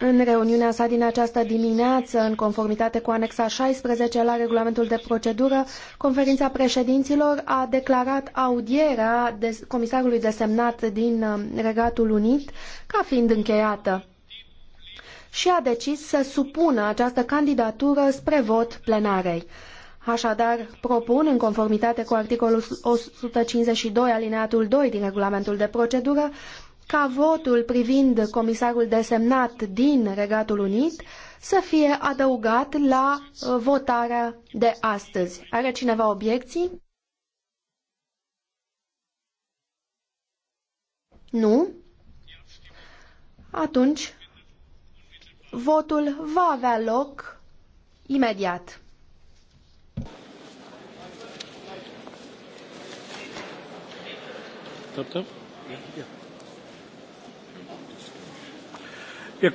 În reuniunea sa din această dimineață, în conformitate cu anexa 16 la regulamentul de procedură, conferința președinților a declarat audierea de comisarului desemnat din um, Regatul Unit ca fiind încheiată și a decis să supună această candidatură spre vot plenarei. Așadar, propun, în conformitate cu articolul 152 alineatul 2 din regulamentul de procedură, ca votul privind comisarul desemnat din Regatul Unit să fie adăugat la uh, votarea de astăzi. Are cineva obiecții? Nu? Atunci, votul va avea loc imediat. Yeah, yeah. wir